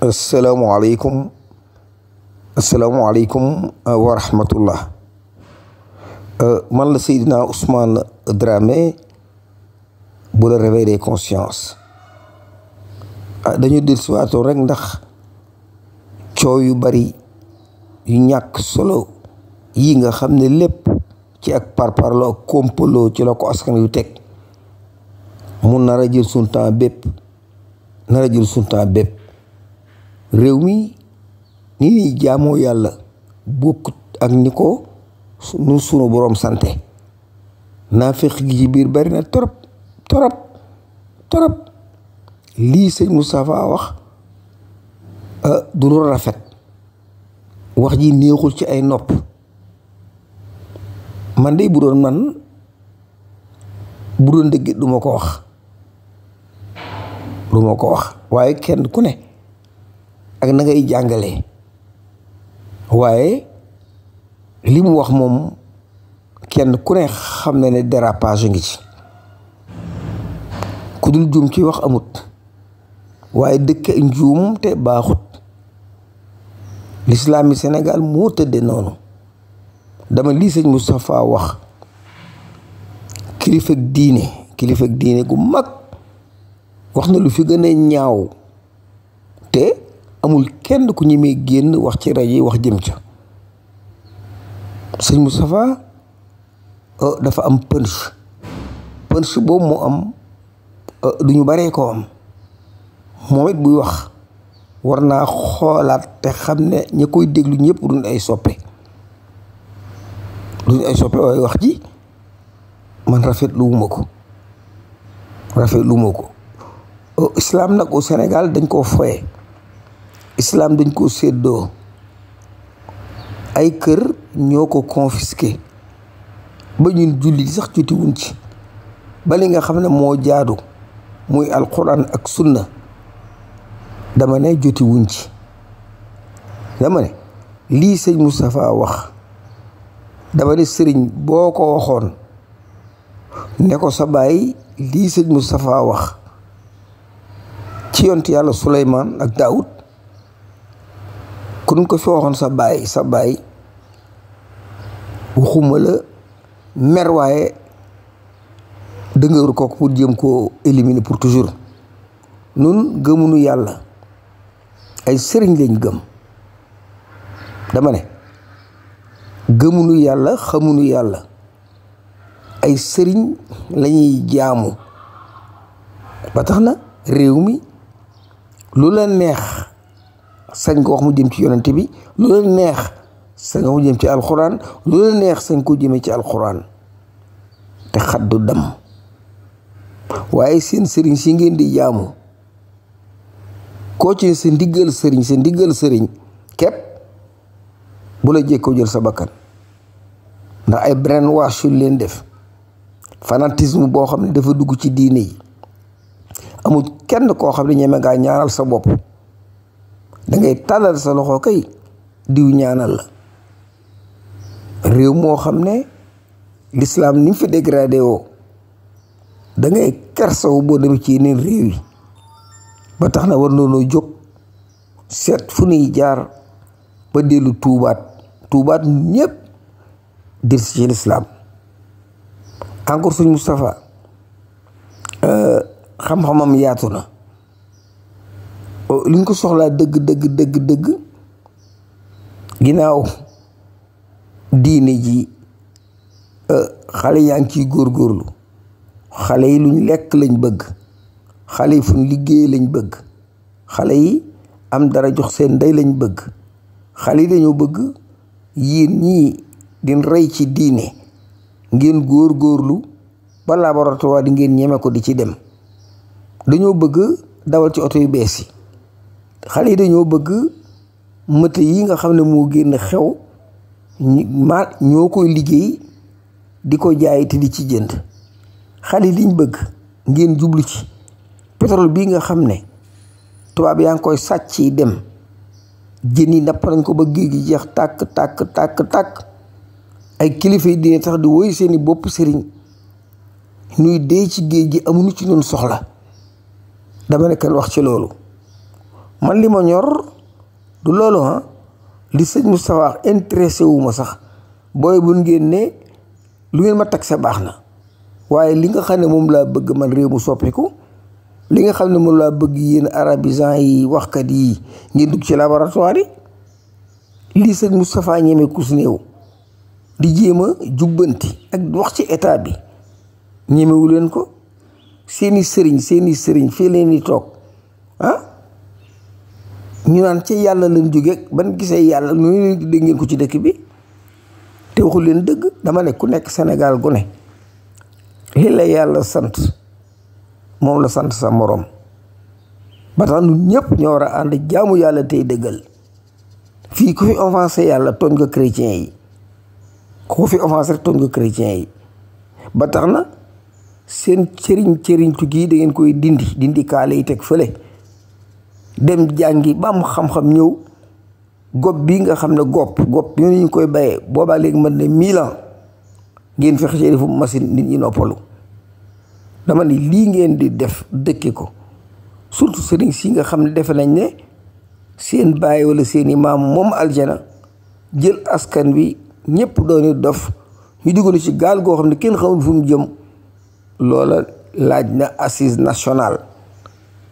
asalaamualeykum asalaamualeykum uh, wa rahmatullah uh, man la Seydina Ousmane Dramé bu la réveil des consciences ah, dañu del siwaatoon rek ndax coow yu bari yu ñàkk solo yi nga xam ne lépp ci ak parparloo ak kompaloo ci la ko askan yu teg mu nar a jël suñu temps bépp nar a jël suñu bépp réew mi ni jaamoo yàlla bokkut ak ni ko nu sunu boroom sante naa naafeq gi ci biir bari na torop torop torop lii sëñ Moustapha wax ah, du lu rafet wax ji néexul ci ay nopp man de bu doon man bu doon dëgg du ko wax du ko wax waaye kenn ku ne ak na jàngale waaye li mu wax moom kenn ku ne xam na ne dérapage ngi ci ku dul juum ci wax amut waaye dëkk njuum te baaxut lislaam yi Sénégal moo tëdde noonu dama lii sëñ Moustapha wax kilifak diine kilifak diine gu mag wax na lu fi gën a ñaaw te amul kenn ku ñemee génn wax ci rajo yi wax jëm ca sëñ Moustapha euh, dafa am punch punch boobu mu am euh, du ñu baree koo am moom it buy wax war naa xoolaat te xam ne ña koy déglu ñëpp duñ ay soppe duñ ay soppe waaye wax ji man rafet lu wuma ko rafet lu wuma ko euh, islam nag au senegal dañ koo foye islaam dañ koo séddoo ay kër ñoo ko confisqué ba ñun jullit sax jotiwuñ ci ba li nga xam ne moo jaadu muy alquran ak sunna dama ne jotiwuñ ci dama ne lii sëñ Moustapha wax dama ne sëriñ boo ko waxoon ne ko sa baay lii sëñ Moustapha wax ci yont yàlla Suleymaan ak Daawud ku ko fi waxoon sa baay sa baay waxuma la mer waaye dëngëru kooku pour jéem koo éliminer pour toujours nun gëmunu yàlla ay sëriñ lañ gëm dama gëmunu yàlla xamunu yàlla ay sëriñ lañuy jaamu ba tax na réew mi lu la neex sañ ko wax mu jëm ci yonante bi lu la neex sañ ko jëm ci alxuraan lu la neex sañ ko jëmee ci alxuraan te xaddu dam waaye seen sëriñ si ngeen di jaamu koo ci sa ndiggal sëriñ sa ndiggal sëriñ képp bu la jékkoo jël sa bakkan ndax ay brainwash yu leen def fanatisme boo xam ne dafa dugg ci diine yi amut kenn koo xam ne ñeme ngaa ñaanal sa bopp dangay tàllal sa loxo kay diw ñaanal la réew moo xam ne lislaam ni mu fi dégradé woo dangay kersaw boo demee ci yeneen réew yi ba tax na war noonoo jóg seet fu nuy jaar ba dellu tuubaat tuubaat ñépp dir ci lislaam encore suñ Moustapha euh, xam-xamam yaatu na li ñu ko soxlaa dëgg dëgg dëgg ginnaaw diine ji euh, xale yaa ngi ciy góorlu xale yi luñ lekk lañ bëgg xale yi fuñ liggéey lañ bëgg xale yi am dara jox seen ndey lañ bëgg xale yi dañoo bëgg yéen ñii din rey ci diine ngeen góorgóorlu ba laboratoire di ngeen ñeme ko di ci dem dañoo bëgg dawal ci oto yu bees yi xale yi dañoo bëgg mëte yi nga xam ne moo génn xew ma ñoo koy liggéey di ko jaay te di ci jënd xale yi liñ bëgg ngeen jublu ci pétrole bii nga xam ne tubaab yaa ngi koy sàcc yi dem jën yi napp nañ ko ba géej gi jeex tàkk tàkk tàkk tàkk ay kilifa yi dina tax di woy seeni bopp sëriñ ñuy dee ci géej gi amuñu ci ñun soxla dama ne kenn wax ci loolu man li ma ñor du loolu ah li sëñ Moustapha wax intéressé wu ma sax booy bu ngeen ne lu ngeen ma taxe baax na waaye li nga xam ne moom laa bëgg man réew mu soppiku li nga xam ne moom laa bëgg yéen arabisant yi waxkat yi ngeen dugg ci laboratoire yi lii sëñ Moustapha ñeme ku si néew di jéem a jubbanti ak wax ci état bi ñemewu leen ko seeni sëriñ seeni sëriñ fii leen di toog ah. ñu naan ci yàlla lañ jóge ban gisee yàlla nu dégg ngeen ko ci dëkk bi te waxu leen dëgg dama ne ku nekk senegal gone ne la yàlla sant moom la sant sa morom ba tax ñun ñëpp ñoo war a ànd jaamu yàlla tey dëggal fii ku fi offensé yàlla tooñ nga chrétien yi ku fi offensé rek tooñ nga chrétien yi ba tax na seen cëriñ cëriñ tukki yi da ngeen koy dindi dindi kaale yi teg fële. dem jàngi ba am xam-xam ñëw gopp bi nga xam ne gopp gopp ñu ñu koy bayee boobaa léegi mën ne mille ans ngeen fexe ci defu machine nit ñi noppalu dama ne lii ngeen di def dëkke ko surtout sëriñ si nga xam ne defe nañ ne seen baay wala seen i maam moom aljana jël askan wi ñëpp dooni dof ñu duggalu ci gaal goo xam ne kenn xamul fu mu jëm loola laaj na assise nationale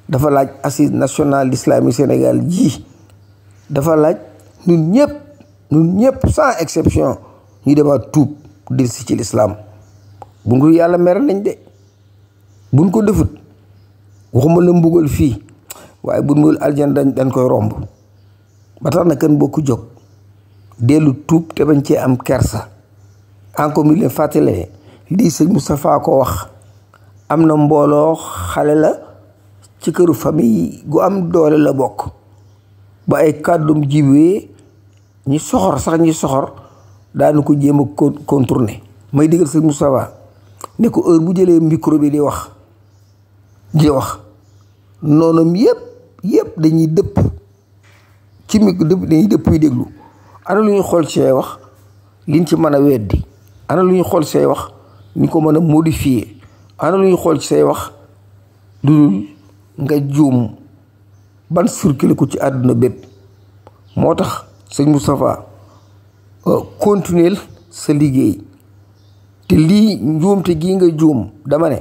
dafa laaj assise nationale islamique Sénégal jii dafa laaj ñun ñëpp ñun ñëpp sans exception ñu demaat tuub dir si ci lislaam buñ ko yàlla mer nañ de buñ ko defut waxuma la fii waaye buñ mbugal aljan dañ dañ koy romb ba tax na kenn bokku jóg dellu tuub te bañ cee am kersa encore mi leen fàttale lii sëñ Moustapha ko wax am na mbooloo xale la ci këru famille gu am doole la bokk ba ay kàddum jiwee ñi soxor sax ñi soxor daanu ko jéem a contourner may digal sëñ Moustapha ne ko heure bu jëlee micro bi di wax di wax noonam yëpp yëpp dañuy dëpp ci micro dañuy dëpp déglu ana lu ñuy xool see wax liñ ci mën a weddi ana lu ñuy xool see wax ñu ko mën a modifier ana lu ñuy xool ci say wax du nga juum ban circulé ko ci àdduna bépp moo tax sëñ Moustapha euh, continuer sa liggéey te lii njuumte gii nga juum dama ne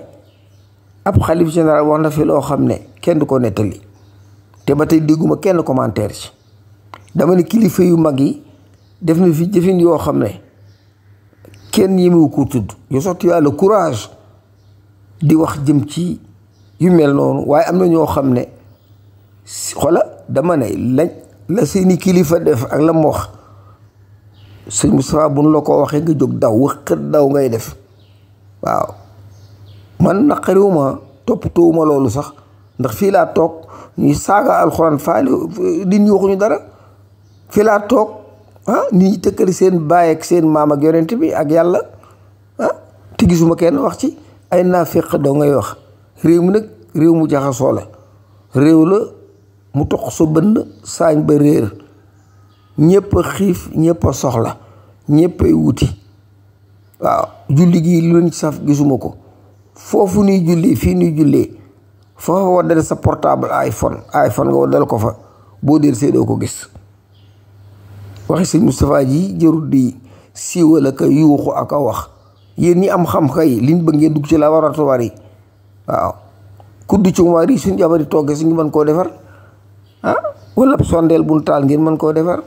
ab xalif général wax na fi loo xam ne kenn du ko nettali te ba tey dégguma kenn commentaire ci dama ne kilifa yu mag yi def na fi jëfin yoo xam ne kenn yi mu ko tudd yoo sotti yàlla courage di wax jëm ci yu mel noonu waaye am na ñoo xam ne xola dama ne lañ la seeni kilifa def ak la mu wax sëñ Moustapha buñ la ko waxee nga jóg daw wax daw ngay def waaw man naqariwuma toppatoowuma loolu sax ndax fii laa toog ñuy saaga alxuraan faale di ñu waxuñu dara fii laa toog ah nit ñi tëkkali seen baay ak seen maam ak yonent bi ak yàlla ah gisuma kenn wax ci ay naa naafiq doo ngay wax réew mi nag réew mu jaxasoo la réew la mu toq sa bënn saañ ba réer ñëpp a xiif ñëpp a soxla ñëpp wuti waaw julli gi lu leen saf gisuma ko foofu nuy julli fii nuy jullee foofa waddal sa portable iPhone iPhone nga waddal ko fa boo del see ko gis waxi sëñ Moustapha ji jërul di siiwal ak a yuuxu ak a wax yéen ñi am xam-xay liñ bëgg ngeen dugg ci laboratoire yi waaw kuddu cumaar yi suñ jabar yi togge si ngi mën koo defar ah bu sondeel buñ taal ngeen mën koo defar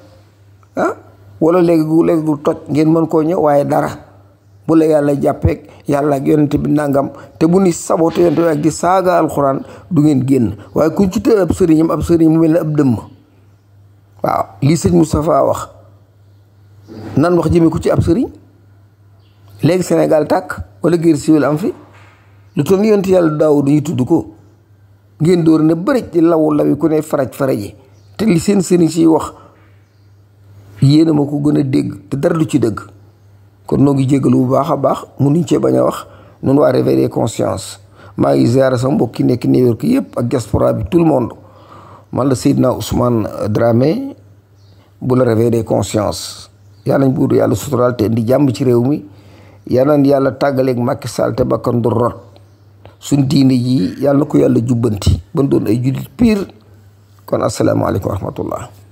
ah wala léegi gu léegi gu toj ngeen mën koo ñëw waaye dara bu la yàlla jàppeek yàlla ak yonent bi nangam te bu ni saboté yonent bi ak di saaga alxuraan du ngeen génn waaye ku ci tëye ab sëriñam ab sëriñ mu mel ne ab dëmm waaw lii sëñ Moustapha wax nan wax jëmee ku ci ab sëriñ léegi senegal tàkk walla guerre civile am fi lu toll ni yàlla daawud ñu tudd ko ngeen dóor ne bëri ci lawu lawi ku ne faraj faraji te li seen sëriñ si wax yéena ma ko gën a dégg te dara du ci dëgg kon noo ngi jégalu bu baax a baax mënuñ cee bañ a wax noonu waa réveiller conscience maa ngi ziara sama mbokki nekk New York yëpp ak diaspora bi tout le monde man la Seydina Ousmane drame bu la réveiller conscience yal nañ buur yàlla suturaal te indi jàmm ci réew mi yal nañ yàlla tàggaleeg Macky Sall te bakkan suñ diine yi yàlla ko yàlla jubbanti ban ay jullit piir kon asalaamaaleykum wa rahmatullah